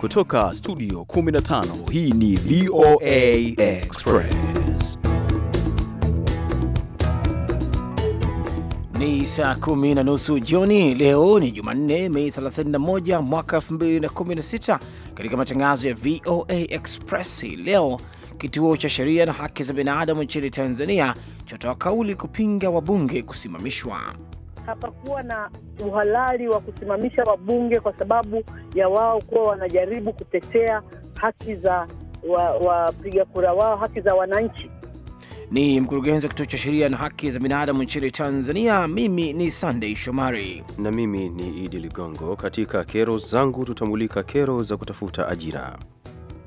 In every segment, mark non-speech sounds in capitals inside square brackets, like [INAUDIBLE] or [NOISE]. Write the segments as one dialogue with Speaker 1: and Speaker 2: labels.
Speaker 1: Kutoka studio 15
Speaker 2: hii ni VOA Express.
Speaker 3: Ni saa kumi na nusu jioni. Leo ni Jumanne, Mei 31 mwaka 2016. Katika matangazo ya VOA Express hii leo, kituo cha sheria na haki za binadamu nchini Tanzania chatoa kauli kupinga wabunge kusimamishwa
Speaker 4: hapakuwa na uhalali wa kusimamisha wabunge kwa sababu ya wao kuwa wanajaribu kutetea haki za wapiga wa kura wao, haki za wananchi.
Speaker 3: Ni mkurugenzi wa kituo cha sheria na haki za binadamu nchini Tanzania. Mimi ni Sunday Shomari na mimi ni Idi
Speaker 5: Ligongo. Katika kero zangu tutamulika kero za kutafuta ajira.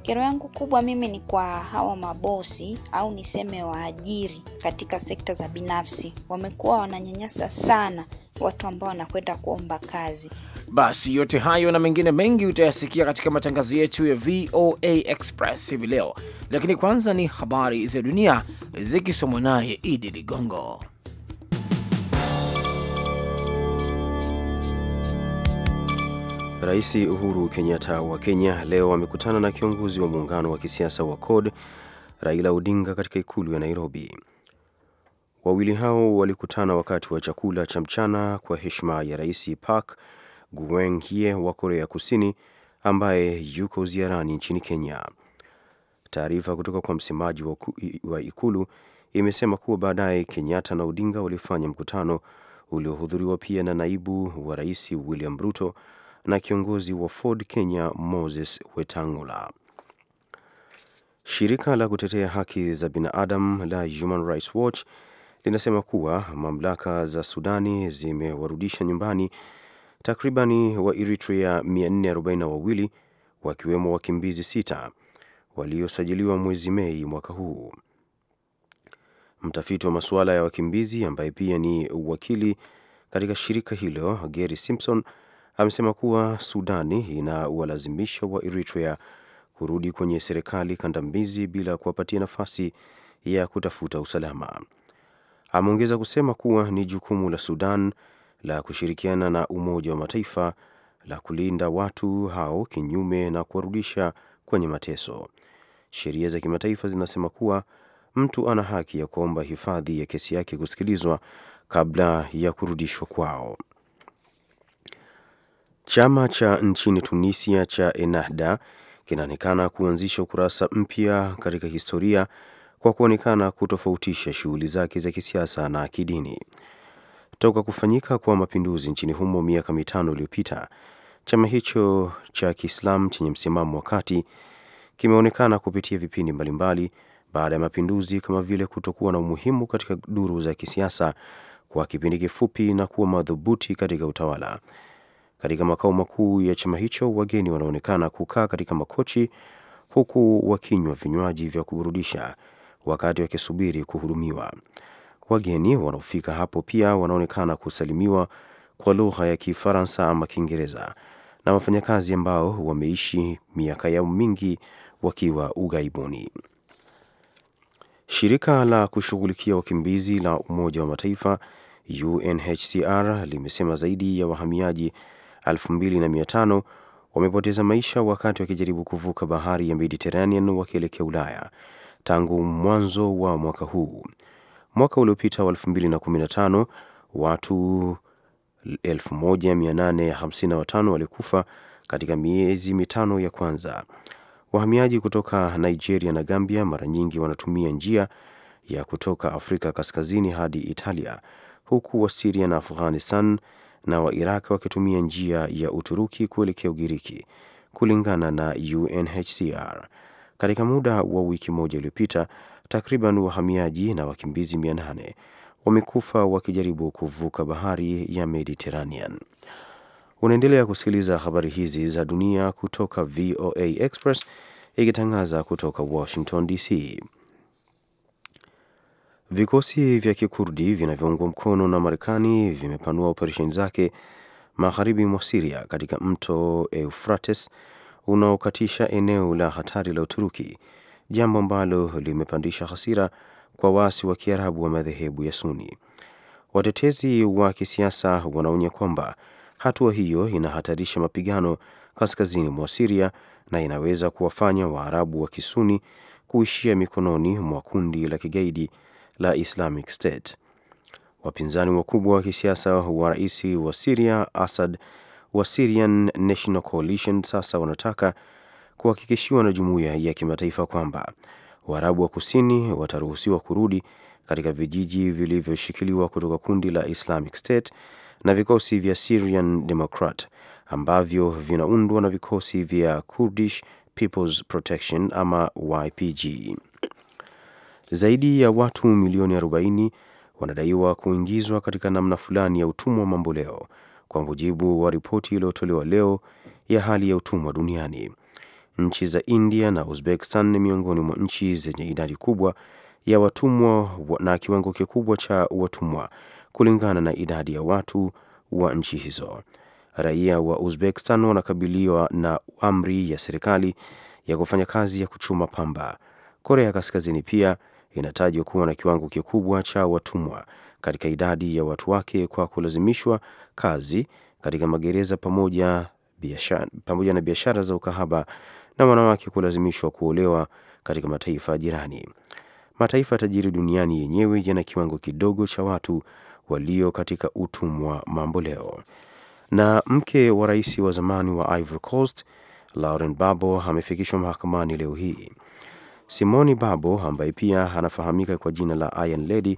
Speaker 6: Kero yangu kubwa mimi ni kwa hawa mabosi au niseme waajiri katika sekta za binafsi, wamekuwa wananyanyasa sana watu ambao wanakwenda kuomba kazi.
Speaker 3: Basi yote hayo na mengine mengi utayasikia katika matangazo yetu ya VOA Express hivi leo, lakini kwanza ni habari za dunia zikisomwa naye Idi Ligongo.
Speaker 5: Rais Uhuru Kenyatta wa Kenya leo amekutana na kiongozi wa muungano wa kisiasa wa CORD Raila Odinga katika ikulu ya Nairobi. Wawili hao walikutana wakati wa chakula cha mchana kwa heshima ya Rais Park Geun-hye wa Korea Kusini ambaye yuko ziarani nchini Kenya. Taarifa kutoka kwa msemaji wa ikulu imesema kuwa baadaye Kenyatta na Odinga walifanya mkutano uliohudhuriwa pia na naibu wa rais William Ruto na kiongozi wa Ford Kenya Moses Wetangula. Shirika la kutetea haki za binadamu la Human Rights Watch linasema kuwa mamlaka za Sudani zimewarudisha nyumbani takribani wa Eritrea 442 wakiwemo wakimbizi sita waliosajiliwa mwezi Mei mwaka huu. Mtafiti wa masuala ya wakimbizi ambaye pia ni wakili katika shirika hilo Gary Simpson amesema kuwa Sudani inawalazimisha wa Eritrea kurudi kwenye serikali kandambizi bila kuwapatia nafasi ya kutafuta usalama. Ameongeza kusema kuwa ni jukumu la Sudan la kushirikiana na Umoja wa Mataifa la kulinda watu hao kinyume na kuwarudisha kwenye mateso. Sheria za kimataifa zinasema kuwa mtu ana haki ya kuomba hifadhi ya kesi yake kusikilizwa kabla ya kurudishwa kwao. Chama cha nchini Tunisia cha Ennahda kinaonekana kuanzisha ukurasa mpya katika historia kwa kuonekana kutofautisha shughuli zake za kisiasa na kidini. Toka kufanyika kwa mapinduzi nchini humo miaka mitano iliyopita, chama hicho cha Kiislamu chenye msimamo wa kati kimeonekana kupitia vipindi mbalimbali baada ya mapinduzi, kama vile kutokuwa na umuhimu katika duru za kisiasa kwa kipindi kifupi na kuwa madhubuti katika utawala. Katika makao makuu ya chama hicho, wageni wanaonekana kukaa katika makochi huku wakinywa vinywaji vya kuburudisha wakati wakisubiri kuhudumiwa. Wageni wanaofika hapo pia wanaonekana kusalimiwa kwa lugha ya Kifaransa ama Kiingereza na wafanyakazi ambao wameishi miaka yao mingi wakiwa ughaibuni. Shirika la kushughulikia wakimbizi la Umoja wa Mataifa UNHCR limesema zaidi ya wahamiaji 2500 wamepoteza maisha wakati wakijaribu kuvuka bahari ya Mediterranean wakielekea Ulaya tangu mwanzo wa mwaka huu. Mwaka uliopita wa 2015 watu 1855 walikufa katika miezi mitano ya kwanza. Wahamiaji kutoka Nigeria na Gambia mara nyingi wanatumia njia ya kutoka Afrika Kaskazini hadi Italia, huku Wasiria na Afghanistan na Wairaq wakitumia njia ya Uturuki kuelekea Ugiriki, kulingana na UNHCR. Katika muda wa wiki moja iliyopita, takriban wahamiaji na wakimbizi 800 wamekufa wakijaribu kuvuka bahari ya Mediterranean. Unaendelea kusikiliza habari hizi za dunia kutoka VOA Express ikitangaza kutoka Washington DC. Vikosi vya Kikurdi vinavyoungwa mkono na Marekani vimepanua operesheni zake magharibi mwa Siria katika mto Eufrates unaokatisha eneo la hatari la Uturuki, jambo ambalo limepandisha hasira kwa waasi wa Kiarabu wa madhehebu ya Suni. Watetezi wa kisiasa wanaonya kwamba hatua hiyo inahatarisha mapigano kaskazini mwa Siria na inaweza kuwafanya Waarabu wa Kisuni kuishia mikononi mwa kundi la kigaidi la Islamic State. Wapinzani wakubwa wa kisiasa wa rais wa Siria Assad wa Syrian National Coalition sasa wanataka kuhakikishiwa na jumuiya ya kimataifa kwamba Waarabu wa kusini wataruhusiwa kurudi katika vijiji vilivyoshikiliwa kutoka kundi la Islamic State na vikosi vya Syrian Democrat ambavyo vinaundwa na vikosi vya Kurdish People's Protection ama YPG. Zaidi ya watu milioni 40 wanadaiwa kuingizwa katika namna fulani ya utumwa mamboleo, kwa mujibu wa ripoti iliyotolewa leo ya hali ya utumwa duniani. Nchi za India na Uzbekistan ni miongoni mwa nchi zenye idadi kubwa ya watumwa na kiwango kikubwa cha watumwa kulingana na idadi ya watu wa nchi hizo. Raia wa Uzbekistan wanakabiliwa na amri ya serikali ya kufanya kazi ya kuchuma pamba. Korea Kaskazini pia inatajwa kuwa na kiwango kikubwa cha watumwa katika idadi ya watu wake kwa kulazimishwa kazi katika magereza pamoja, biashara, pamoja na biashara za ukahaba na wanawake kulazimishwa kuolewa katika mataifa jirani. Mataifa tajiri duniani yenyewe yana kiwango kidogo cha watu walio katika utumwa mambo leo Na mke wa rais wa zamani wa Ivory Coast Lauren Babo amefikishwa mahakamani leo hii. Simoni Babo ambaye pia anafahamika kwa jina la Iron Lady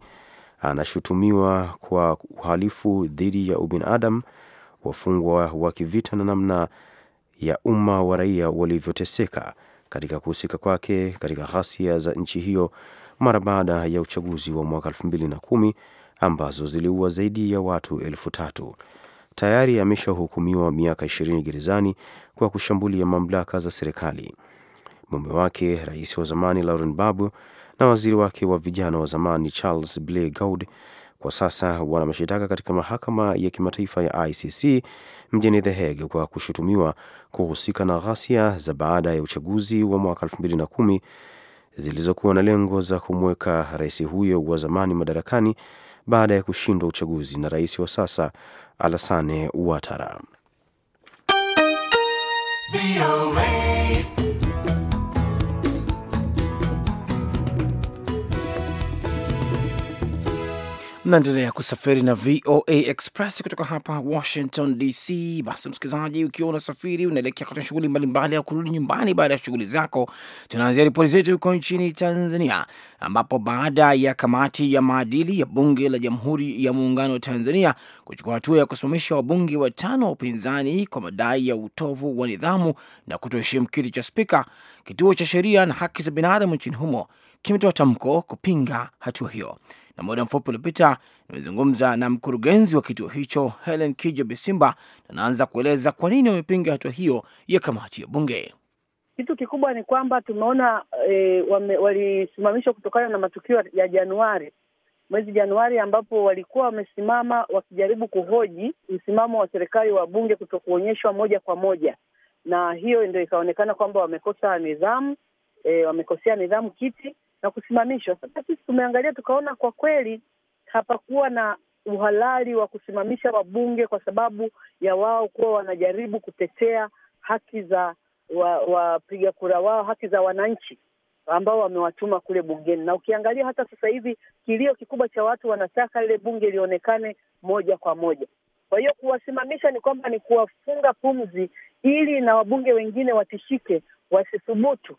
Speaker 5: anashutumiwa kwa uhalifu dhidi ya ubinadamu, wafungwa wa kivita na namna ya umma wa raia walivyoteseka katika kuhusika kwake katika ghasia za nchi hiyo mara baada ya uchaguzi wa mwaka 2010 ambazo ziliua zaidi ya watu elfu tatu. Tayari ameshahukumiwa miaka 20 gerezani kwa kushambulia mamlaka za serikali mume wake rais wa zamani Lauren Babu, na waziri wake wa vijana wa zamani Charles blay Gaude kwa sasa wana mashitaka katika mahakama ya kimataifa ya ICC mjini The Hague kwa kushutumiwa kuhusika na ghasia za baada ya uchaguzi wa mwaka 2010 zilizokuwa na lengo za kumweka rais huyo wa zamani madarakani baada ya kushindwa uchaguzi na rais wa sasa Alassane Ouattara.
Speaker 3: Naendelea kusafiri na VOA Express kutoka hapa Washington DC. Basi msikilizaji, ukiwa unasafiri unaelekea katika shughuli mbalimbali au kurudi nyumbani baada ya shughuli zako, tunaanzia ripoti zetu huko nchini Tanzania, ambapo baada ya kamati ya maadili ya bunge la Jamhuri ya Muungano wa Tanzania kuchukua hatua ya kusimamisha wabunge watano wa upinzani kwa madai ya utovu wa nidhamu na kutoheshimu kiti cha spika, kituo cha sheria na haki za binadamu nchini humo kimetoa tamko kupinga hatua hiyo na muda mfupi uliopita nimezungumza na mkurugenzi wa kituo hicho Helen Kijo Bisimba, na naanza kueleza kwa nini wamepinga hatua hiyo ya kamati ya bunge.
Speaker 4: Kitu kikubwa ni kwamba tumeona e, walisimamishwa kutokana na matukio ya Januari, mwezi Januari ambapo walikuwa wamesimama wakijaribu kuhoji msimamo wa serikali wa bunge kuto kuonyeshwa moja kwa moja, na hiyo ndio ikaonekana kwamba wamekosa nidhamu e, wamekosea nidhamu kiti na kusimamishwa. Sasa sisi tumeangalia tukaona kwa kweli hapakuwa na uhalali wa kusimamisha wabunge kwa sababu ya wao kuwa wanajaribu kutetea haki za wapiga wa kura wao, haki za wananchi ambao wamewatuma kule bungeni. Na ukiangalia hata sasa hivi kilio kikubwa cha watu wanataka lile bunge lionekane moja kwa moja. Kwa hiyo kuwasimamisha ni kwamba ni kuwafunga pumzi, ili na wabunge wengine watishike, wasithubutu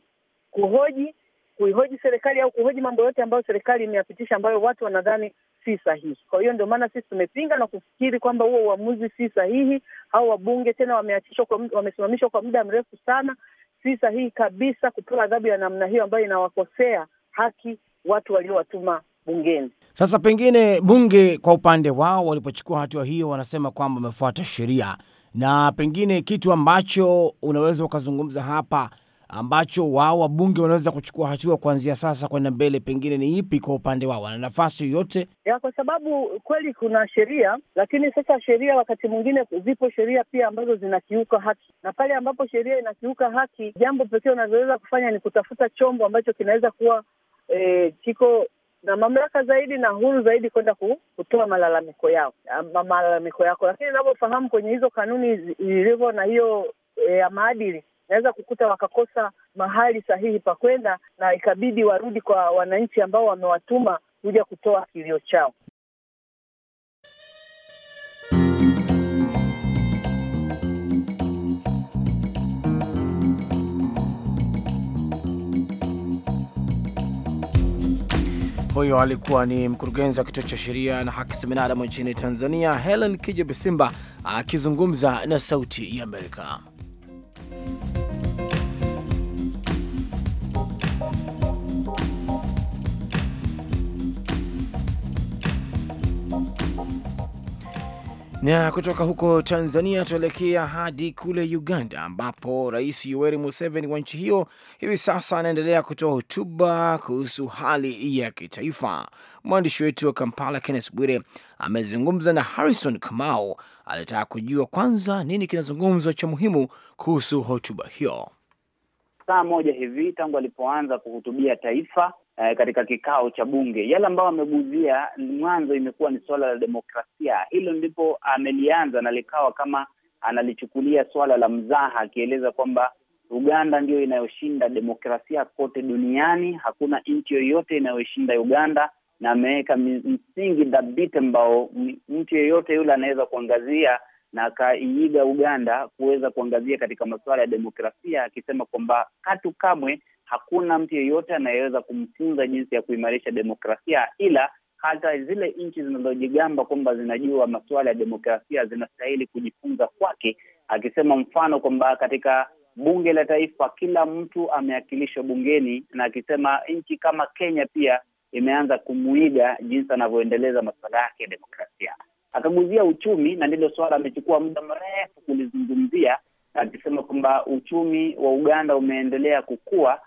Speaker 4: kuhoji kuihoji serikali au kuhoji mambo yote ambayo serikali imeyapitisha ambayo watu wanadhani si sahihi. Kwa hiyo ndio maana sisi tumepinga na kufikiri kwamba huo uamuzi si sahihi. Hao wabunge tena wameachishwa, wamesimamishwa kwa muda mrefu sana. Si sahihi kabisa kupewa adhabu ya namna hiyo ambayo inawakosea haki watu waliowatuma bungeni.
Speaker 3: Sasa pengine bunge kwa upande wao walipochukua hatua wa hiyo, wanasema kwamba wamefuata sheria, na pengine kitu ambacho unaweza ukazungumza hapa ambacho wao wabunge wanaweza kuchukua hatua kuanzia sasa kwenda mbele, pengine ni ipi kwa upande wao? Wana nafasi yoyote
Speaker 4: ya? Kwa sababu kweli kuna sheria, lakini sasa sheria wakati mwingine zipo sheria pia ambazo zinakiuka haki, na pale ambapo sheria inakiuka haki, jambo pekee unazoweza kufanya ni kutafuta chombo ambacho kinaweza kuwa eh, kiko na mamlaka zaidi na huru zaidi kwenda kutoa malalamiko yao malalamiko yako, lakini unavyofahamu kwenye hizo kanuni zilivyo na hiyo e, ya maadili naweza kukuta wakakosa mahali sahihi pa kwenda, na ikabidi warudi kwa wananchi ambao wamewatuma kuja kutoa kilio chao.
Speaker 3: Huyo alikuwa ni mkurugenzi wa kituo cha sheria na haki za binadamu nchini Tanzania, Helen Kijo Bisimba akizungumza na Sauti ya Amerika. Na kutoka huko Tanzania tuelekea hadi kule Uganda, ambapo Rais Yoweri Museveni wa nchi hiyo hivi sasa anaendelea kutoa hotuba kuhusu hali ya kitaifa. Mwandishi wetu wa Kampala, Kenneth Bwire, amezungumza na Harrison Kamau, alitaka kujua kwanza nini kinazungumzwa cha muhimu kuhusu hotuba hiyo.
Speaker 7: Saa moja hivi tangu alipoanza kuhutubia taifa eh, katika kikao cha bunge. Yale ambayo ameguzia mwanzo imekuwa ni suala la demokrasia, hilo ndipo amelianza na likawa kama analichukulia suala la mzaha, akieleza kwamba Uganda ndiyo inayoshinda demokrasia kote duniani, hakuna nchi yoyote inayoshinda Uganda, na ameweka msingi dhabiti ambao mtu yeyote yule anaweza kuangazia na akaiiga Uganda kuweza kuangazia katika masuala ya demokrasia, akisema kwamba katu kamwe hakuna mtu yeyote anayeweza kumfunza jinsi ya kuimarisha demokrasia, ila hata zile nchi zinazojigamba kwamba zinajua masuala ya demokrasia zinastahili kujifunza kwake, akisema mfano kwamba katika bunge la taifa kila mtu ameakilishwa bungeni, na akisema nchi kama Kenya pia imeanza kumuiga jinsi anavyoendeleza masuala yake ya demokrasia. Akaguzia uchumi, na ndilo suala amechukua muda mrefu kulizungumzia, akisema kwamba uchumi wa Uganda umeendelea kukua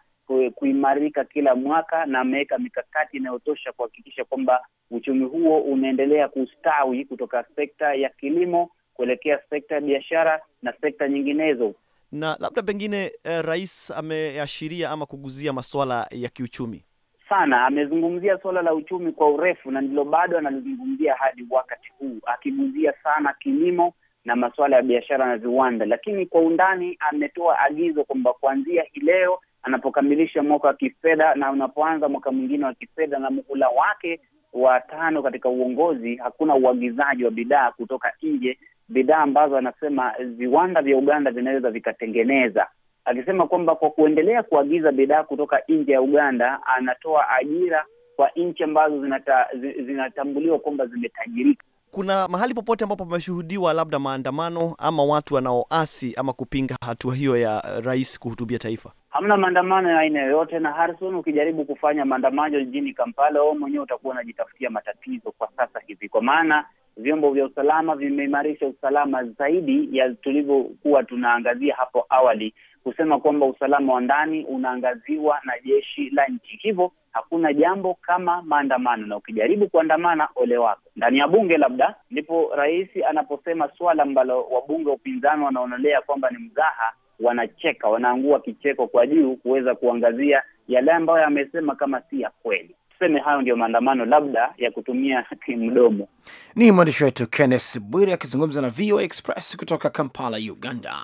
Speaker 7: kuimarika kila mwaka na ameweka mikakati inayotosha kuhakikisha kwamba uchumi huo unaendelea kustawi kutoka sekta ya kilimo kuelekea sekta ya biashara na sekta nyinginezo.
Speaker 1: Na labda pengine eh, rais ameashiria ama kuguzia masuala ya kiuchumi
Speaker 7: sana, amezungumzia suala la uchumi kwa urefu na ndilo bado analizungumzia hadi wakati huu, akiguzia sana kilimo na masuala ya biashara na viwanda, lakini kwa undani ametoa agizo kwamba kuanzia hii leo anapokamilisha mwaka wa kifedha na unapoanza mwaka mwingine wa kifedha na muhula wake wa tano katika uongozi, hakuna uagizaji wa bidhaa kutoka nje, bidhaa ambazo anasema viwanda vya Uganda vinaweza vikatengeneza, akisema kwamba kwa kuendelea kuagiza bidhaa kutoka nje ya Uganda anatoa ajira kwa nchi ambazo zinata, zinatambuliwa kwamba zimetajirika
Speaker 1: kuna mahali popote ambapo pameshuhudiwa labda maandamano ama watu wanaoasi ama kupinga hatua hiyo ya eh, rais kuhutubia taifa?
Speaker 7: Hamna maandamano ya aina yoyote. Na Harrison, ukijaribu kufanya maandamano jijini Kampala, wewe mwenyewe utakuwa unajitafutia matatizo kwa sasa hivi, kwa maana vyombo vya usalama vimeimarisha usalama zaidi ya tulivyokuwa tunaangazia hapo awali, kusema kwamba usalama wa ndani unaangaziwa na jeshi la nchi, hivyo hakuna jambo kama maandamano, na ukijaribu kuandamana ole wako. Ndani ya bunge labda ndipo rais anaposema swala ambalo wabunge wa upinzani wanaonelea kwamba ni mzaha, wanacheka, wanaangua kicheko kwa juu kuweza kuangazia yale ambayo amesema kama si ya kweli tuseme hayo ndio maandamano labda ya kutumia [LAUGHS] mdomo.
Speaker 3: Ni mwandishi wetu Kenneth Bwire akizungumza na VOA Express kutoka Kampala, Uganda.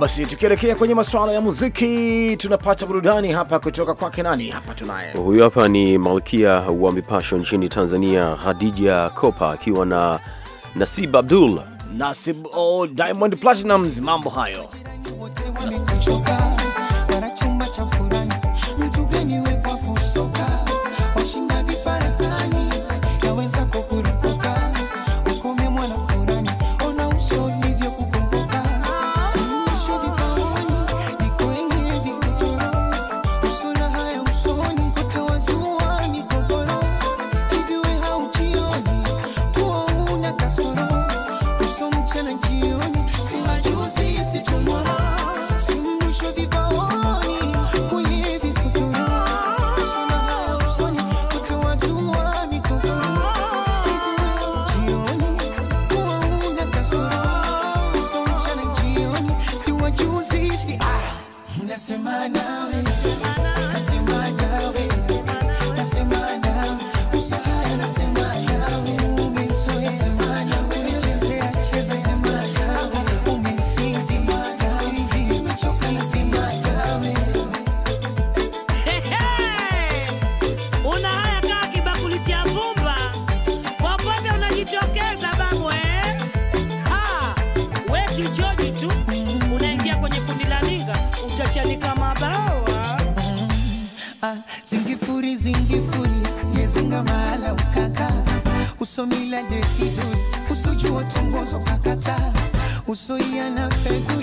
Speaker 3: basi tukielekea kwenye masuala ya muziki, tunapata burudani hapa kutoka kwake nani hapa, tunaye
Speaker 5: huyu hapa ni malkia wa mipasho nchini Tanzania, Khadija Kopa akiwa na Nasib Abdul
Speaker 3: Nasib, oh, Diamond Platinums, mambo hayo 你说看。
Speaker 2: soy Ana Pedro.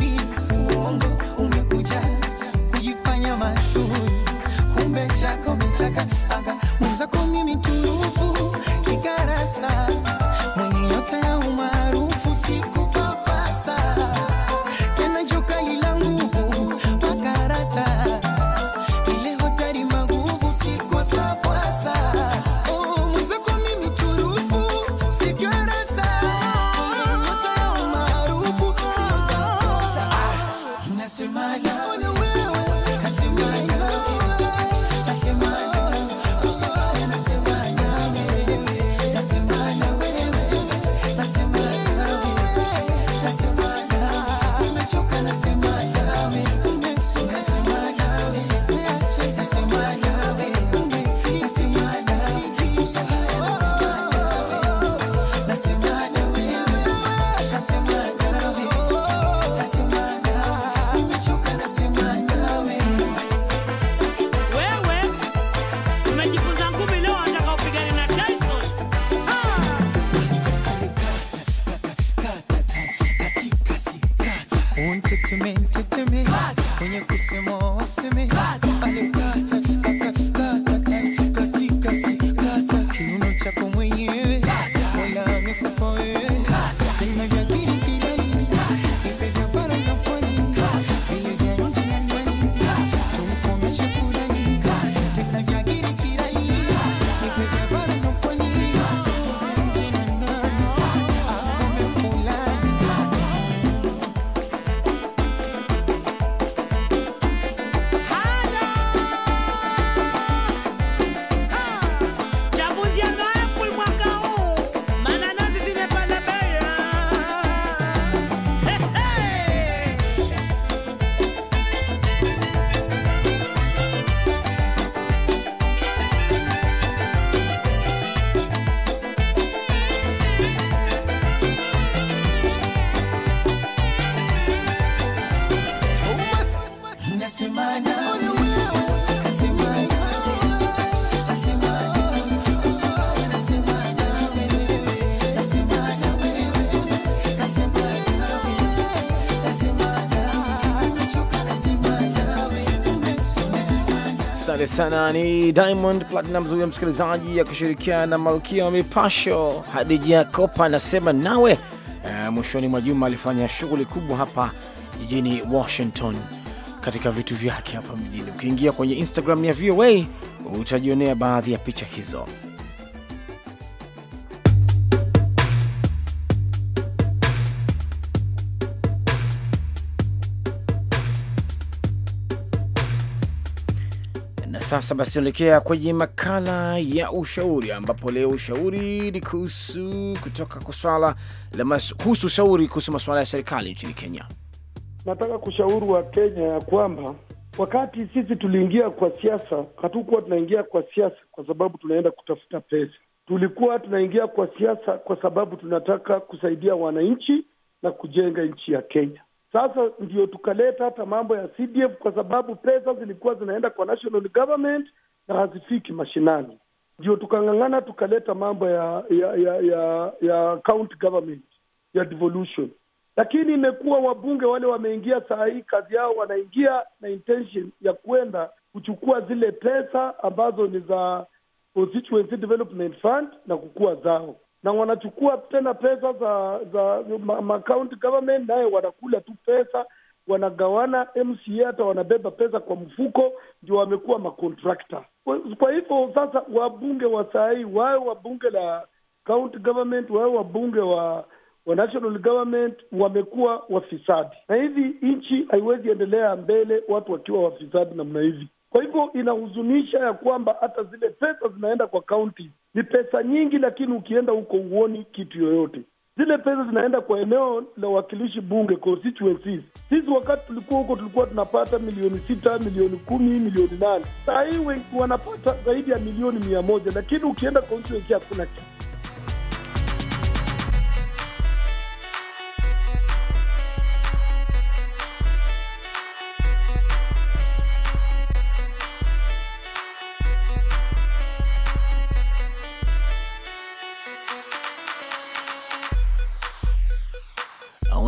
Speaker 2: esse mosimi Alicata
Speaker 3: Asante sana, ni Diamond Platinum huyo msikilizaji, akishirikiana na malkia wa mipasho Hadija Kopa anasema nawe. E, mwishoni mwa juma alifanya shughuli kubwa hapa jijini Washington katika vitu vyake hapa mjini. Ukiingia kwenye Instagram ya VOA utajionea baadhi ya picha hizo. Sasa basi, tunaelekea kwenye makala ya ushauri, ambapo leo ushauri ni kuhusu kutoka kwa swala kuhusu ushauri kuhusu masuala ya serikali nchini Kenya.
Speaker 8: Nataka kushauri wa Kenya ya kwamba wakati sisi tuliingia kwa siasa, hatukuwa tunaingia kwa siasa kwa sababu tunaenda kutafuta pesa. Tulikuwa tunaingia kwa siasa kwa sababu tunataka kusaidia wananchi na kujenga nchi ya Kenya. Sasa ndio tukaleta hata mambo ya CDF kwa sababu pesa zilikuwa zinaenda kwa national government na hazifiki mashinani. Ndio tukang'ang'ana tukaleta mambo ya ya ya ya, ya county government ya devolution, lakini imekuwa wabunge wale wameingia saa hii, kazi yao wanaingia na intention ya kwenda kuchukua zile pesa ambazo ni za Constituency Development Fund na kukua zao na wanachukua tena pesa za za ma county government, naye wanakula tu pesa, wanagawana. MCA hata wanabeba pesa kwa mfuko, ndio wamekuwa makontrakta. Kwa hivyo sasa wabunge wa sahii wawe wabunge la county government, wawe wabunge wa wa national government wamekuwa wafisadi, na hivi nchi haiwezi endelea mbele watu wakiwa wafisadi namna hivi. Kwa hivyo inahuzunisha ya kwamba hata zile pesa zinaenda kwa kaunti ni pesa nyingi, lakini ukienda huko huoni kitu yoyote. Zile pesa zinaenda kwa eneo la wakilishi bunge constituencies. Sisi wakati tulikuwa huko tulikuwa tunapata milioni sita, milioni kumi, milioni nane. Saa hii wanapata zaidi ya milioni mia moja, lakini ukienda constituency hakuna kitu.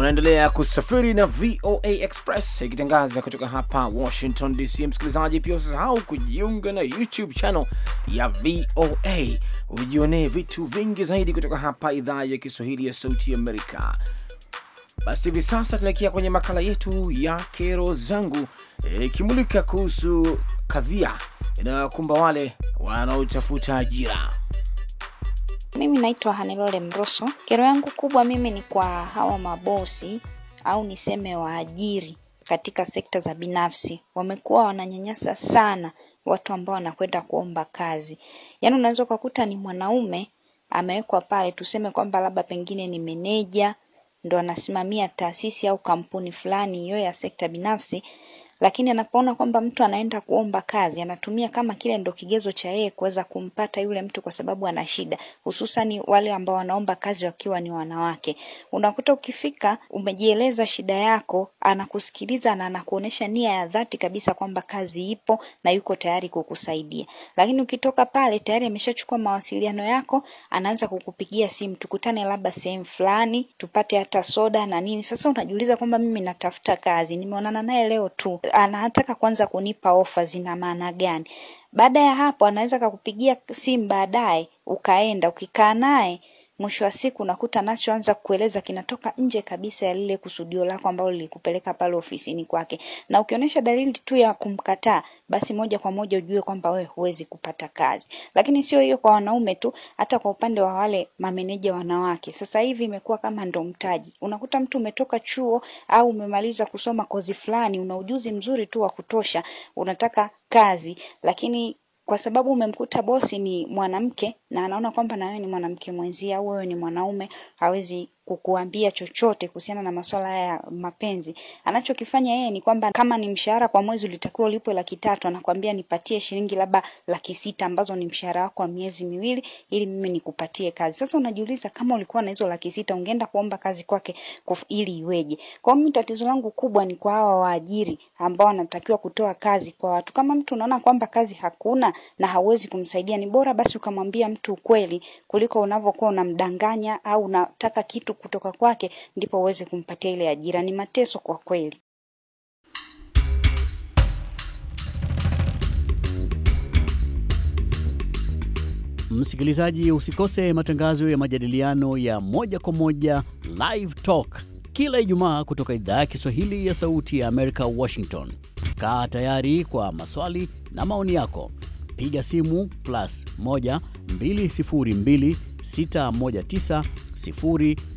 Speaker 3: unaendelea kusafiri na VOA Express ikitangaza kutoka hapa Washington DC. Msikilizaji, pia usisahau kujiunga na YouTube channel ya VOA ujionee vitu vingi zaidi kutoka hapa idhaa ya Kiswahili ya Sauti Amerika. Basi hivi sasa tunaelekea kwenye makala yetu ya kero zangu, ikimulika e, kuhusu kadhia inayokumba wale wanaotafuta ajira.
Speaker 6: Mimi naitwa Hanilole Mroso. Kero yangu kubwa mimi ni kwa hawa mabosi au niseme waajiri katika sekta za binafsi. Wamekuwa wananyanyasa sana watu ambao wanakwenda kuomba kazi. Yaani unaweza ukakuta ni mwanaume amewekwa pale, tuseme kwamba labda pengine ni meneja, ndo anasimamia taasisi au kampuni fulani hiyo ya sekta binafsi, lakini anapoona kwamba mtu anaenda kuomba kazi, anatumia kama kile ndo kigezo cha yeye kuweza kumpata yule mtu kwa sababu ana shida, hususan wale ambao wanaomba kazi wakiwa ni wanawake. Unakuta ukifika umejieleza shida yako, anakusikiliza na anakuonesha nia ya dhati kabisa kwamba kazi ipo na yuko tayari kukusaidia. Lakini ukitoka pale tayari ameshachukua mawasiliano yako, anaanza kukupigia simu, tukutane labda sehemu fulani, tupate hata soda na nini. Sasa unajiuliza kwamba mimi natafuta kazi, nimeonana naye leo tu, anataka kwanza kunipa ofa zina maana gani. Baada ya hapo anaweza kakupigia simu baadaye, ukaenda ukikaa naye mwisho wa siku unakuta anachoanza kueleza kinatoka nje kabisa ya lile kusudio lako ambalo lilikupeleka pale ofisini kwake. Na ukionyesha dalili tu ya kumkataa, basi moja kwa moja ujue kwamba wewe huwezi kupata kazi. Lakini sio hiyo kwa wanaume tu, hata kwa upande wa wale mameneja wanawake. Sasa hivi imekuwa kama ndo mtaji. Unakuta mtu umetoka chuo au umemaliza kusoma kozi fulani, una ujuzi mzuri tu wa kutosha, unataka kazi lakini kwa sababu umemkuta bosi ni mwanamke na anaona kwamba na wewe ni mwanamke mwenzia au wewe ni mwanaume hawezi kukuambia chochote kuhusiana na masuala ya mapenzi. Anachokifanya yeye ni kwamba kama ni mshahara kwa mwezi ulitakiwa ulipwe laki tatu, anakwambia nipatie shilingi labda laki sita ambazo ni mshahara wako wa miezi miwili ili mimi nikupatie kazi. Sasa unajiuliza kama ulikuwa na hizo laki sita ungeenda kuomba kazi kwake ili iweje? Kwa hiyo tatizo langu kubwa ni kwa hawa waajiri ambao wanatakiwa kutoa kazi kwa watu. Kama mtu unaona kwamba kazi hakuna na hauwezi kumsaidia, ni bora basi ukamwambia mtu ukweli kuliko unavyokuwa unamdanganya au unataka kitu kutoka kwake ndipo uweze kumpatia ile ajira. Ni mateso kwa kweli.
Speaker 7: Msikilizaji, usikose matangazo ya majadiliano ya moja kwa moja Live Talk kila Ijumaa kutoka idhaa ya Kiswahili ya Sauti ya Amerika, Washington. Kaa tayari kwa maswali na maoni yako, piga simu plus 1 202 619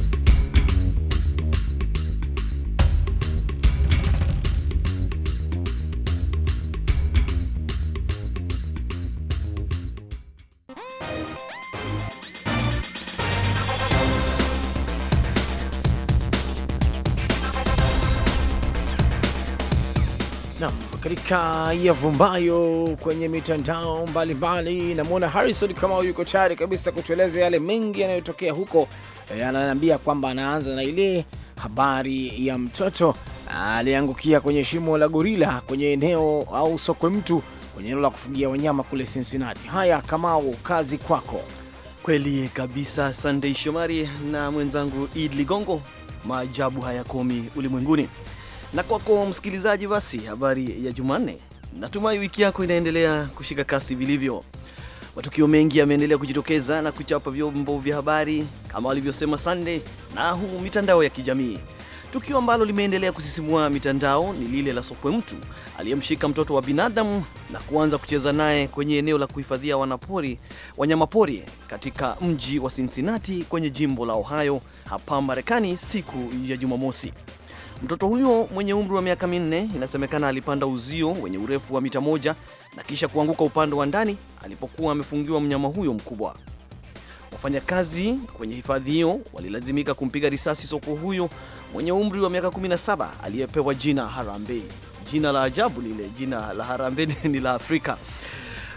Speaker 3: katika yavumbayo kwenye mitandao mbalimbali. Namwona Harrison Kamau yuko tayari kabisa kutueleza yale mengi yanayotokea huko. E, ananiambia kwamba anaanza na ile habari ya mtoto aliangukia kwenye shimo la gorila kwenye eneo au sokwe mtu kwenye eneo la kufugia wanyama kule Cincinnati. Haya Kamau, kazi kwako. Kweli
Speaker 1: kabisa, Sunday Shomari na mwenzangu Id Ligongo, maajabu hayakomi ulimwenguni. Na kwako msikilizaji, basi habari ya Jumanne. Natumai wiki yako inaendelea kushika kasi vilivyo. Matukio mengi yameendelea kujitokeza na kuchapa vyombo vya habari kama walivyosema Sunday na huu mitandao ya kijamii. Tukio ambalo limeendelea kusisimua mitandao ni lile la sokwe mtu aliyemshika mtoto wa binadamu na kuanza kucheza naye kwenye eneo la kuhifadhia wanapori wanyamapori katika mji wa Cincinnati kwenye jimbo la Ohio hapa Marekani siku ya Jumamosi. Mtoto huyo mwenye umri wa miaka minne inasemekana alipanda uzio wenye urefu wa mita moja na kisha kuanguka upande wa ndani alipokuwa amefungiwa mnyama huyo mkubwa. Wafanyakazi kwenye hifadhi hiyo walilazimika kumpiga risasi sokwe huyo mwenye umri wa miaka 17 aliyepewa jina Harambe. Jina la ajabu lile, jina la Harambe [LAUGHS] ni la Afrika.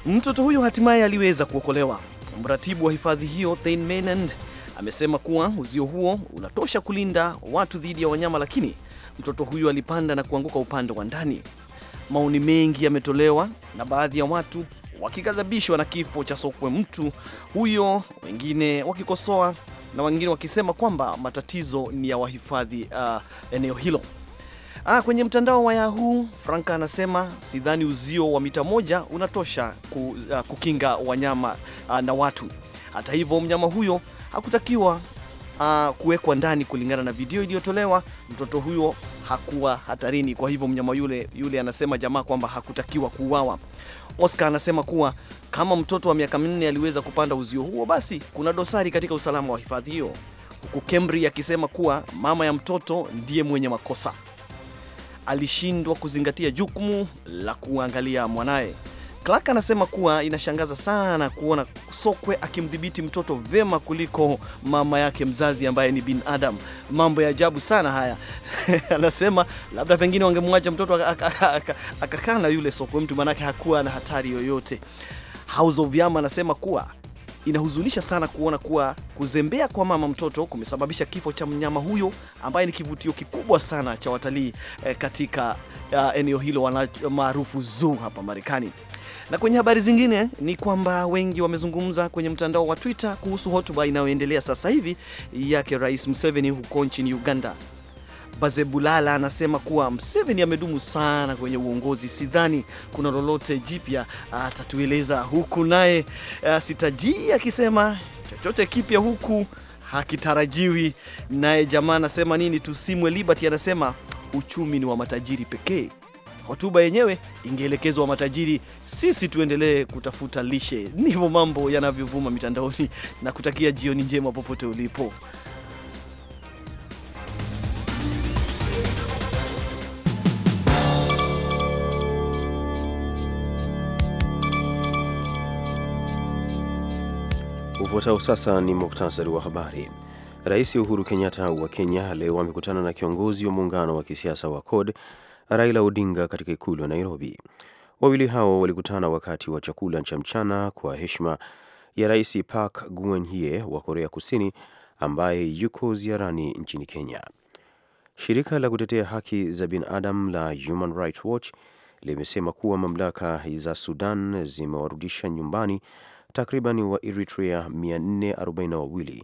Speaker 1: Mtoto huyo hatimaye aliweza kuokolewa. Mratibu wa hifadhi hiyo Thein Menand amesema kuwa uzio huo unatosha kulinda watu dhidi ya wanyama, lakini mtoto huyu alipanda na kuanguka upande wa ndani. Maoni mengi yametolewa na baadhi ya watu wakigadhabishwa na kifo cha sokwe mtu huyo, wengine wakikosoa na wengine wakisema kwamba matatizo ni ya wahifadhi uh, eneo hilo. Ah, kwenye mtandao wa Yahoo Franka anasema sidhani uzio wa mita moja unatosha ku, uh, kukinga wanyama uh, na watu. Hata hivyo mnyama huyo hakutakiwa uh, kuwekwa ndani. Kulingana na video iliyotolewa, mtoto huyo hakuwa hatarini. Kwa hivyo mnyama yule yule anasema jamaa kwamba hakutakiwa kuuawa. Oscar anasema kuwa kama mtoto wa miaka minne aliweza kupanda uzio huo, basi kuna dosari katika usalama wa hifadhi hiyo, huku Kemri akisema kuwa mama ya mtoto ndiye mwenye makosa, alishindwa kuzingatia jukumu la kuangalia mwanaye. Clark anasema kuwa inashangaza sana kuona sokwe akimdhibiti mtoto vema kuliko mama yake mzazi ambaye ni Adam. Mambo ya ajabu sana haya. [LAUGHS] Anasema labda pengine wangemwacha mtoto akakaa na yule sokwe mtu, manake hakuwa na hatari yoyote. House of Yama anasema kuwa inahuzunisha sana kuona kuwa kuzembea kwa mama mtoto kumesababisha kifo cha mnyama huyo ambaye ni kivutio kikubwa sana cha watalii eh, katika eh, eneo hilo maarufu zoo hapa Marekani. Na kwenye habari zingine ni kwamba wengi wamezungumza kwenye mtandao wa Twitter kuhusu hotuba inayoendelea sasa hivi yake Rais Museveni huko nchini Uganda. Bazebulala anasema kuwa Museveni amedumu sana kwenye uongozi, sidhani kuna lolote jipya atatueleza, huku naye eh, Sitaji akisema chochote kipya huku hakitarajiwi. Naye jamaa anasema nini? Tusimwe Liberty anasema uchumi ni wa matajiri pekee hotuba yenyewe ingeelekezwa matajiri, sisi tuendelee kutafuta lishe. Ndivyo mambo yanavyovuma mitandaoni, na kutakia jioni njema popote ulipo.
Speaker 5: Ufuatao sasa ni muktasari wa habari. Rais Uhuru Kenyatta wa Kenya leo amekutana na kiongozi wa muungano wa kisiasa wa CORD Raila Odinga katika ikulu ya Nairobi. Wawili hao walikutana wakati wa chakula cha mchana kwa heshima ya Rais Park Geun-hye wa Korea Kusini ambaye yuko ziarani nchini Kenya. Shirika la kutetea haki za binadamu la Human Rights Watch limesema kuwa mamlaka za Sudan zimewarudisha nyumbani takriban wa Eritrea 442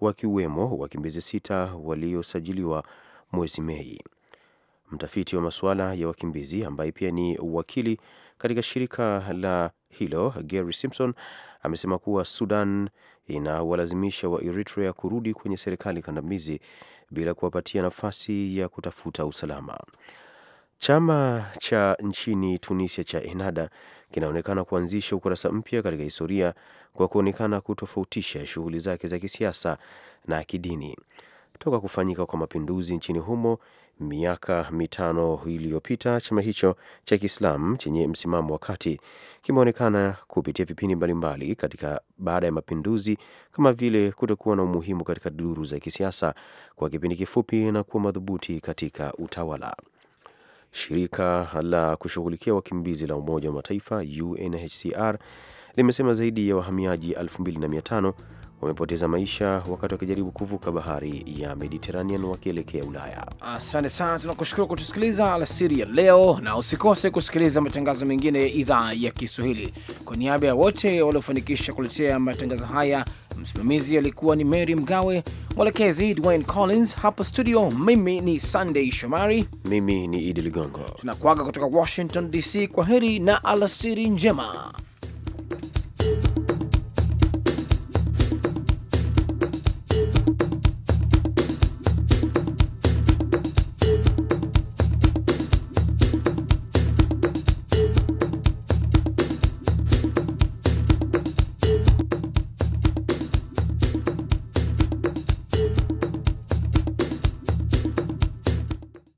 Speaker 5: wakiwemo wakimbizi sita waliosajiliwa mwezi Mei mtafiti wa masuala ya wakimbizi ambaye pia ni wakili katika shirika la hilo Gary Simpson amesema kuwa Sudan inawalazimisha wa Eritrea kurudi kwenye serikali kandamizi bila kuwapatia nafasi ya kutafuta usalama. Chama cha nchini Tunisia cha Ennahda kinaonekana kuanzisha ukurasa mpya katika historia kwa kuonekana kutofautisha shughuli zake za kisiasa na kidini toka kufanyika kwa mapinduzi nchini humo Miaka mitano iliyopita chama hicho cha Kiislamu chenye msimamo wa kati kimeonekana kupitia vipindi mbalimbali katika baada ya mapinduzi kama vile kutokuwa na umuhimu katika duru za kisiasa kwa kipindi kifupi na kuwa madhubuti katika utawala. Shirika la kushughulikia wakimbizi la Umoja wa Mataifa UNHCR limesema zaidi ya wahamiaji 2500 wamepoteza maisha wakati wakijaribu kuvuka bahari ya Mediterranean wakielekea Ulaya.
Speaker 3: Asante sana, tunakushukuru kutusikiliza alasiri ya leo, na usikose kusikiliza matangazo mengine ya idhaa ya Kiswahili. Kwa niaba ya wote waliofanikisha kuletea matangazo haya, msimamizi alikuwa ni Mary Mgawe, mwelekezi Dwayne Collins. Hapa studio, mimi ni Sunday Shomari, mimi ni Idi Ligongo. Tunakwaga kutoka Washington DC. Kwa heri na alasiri njema.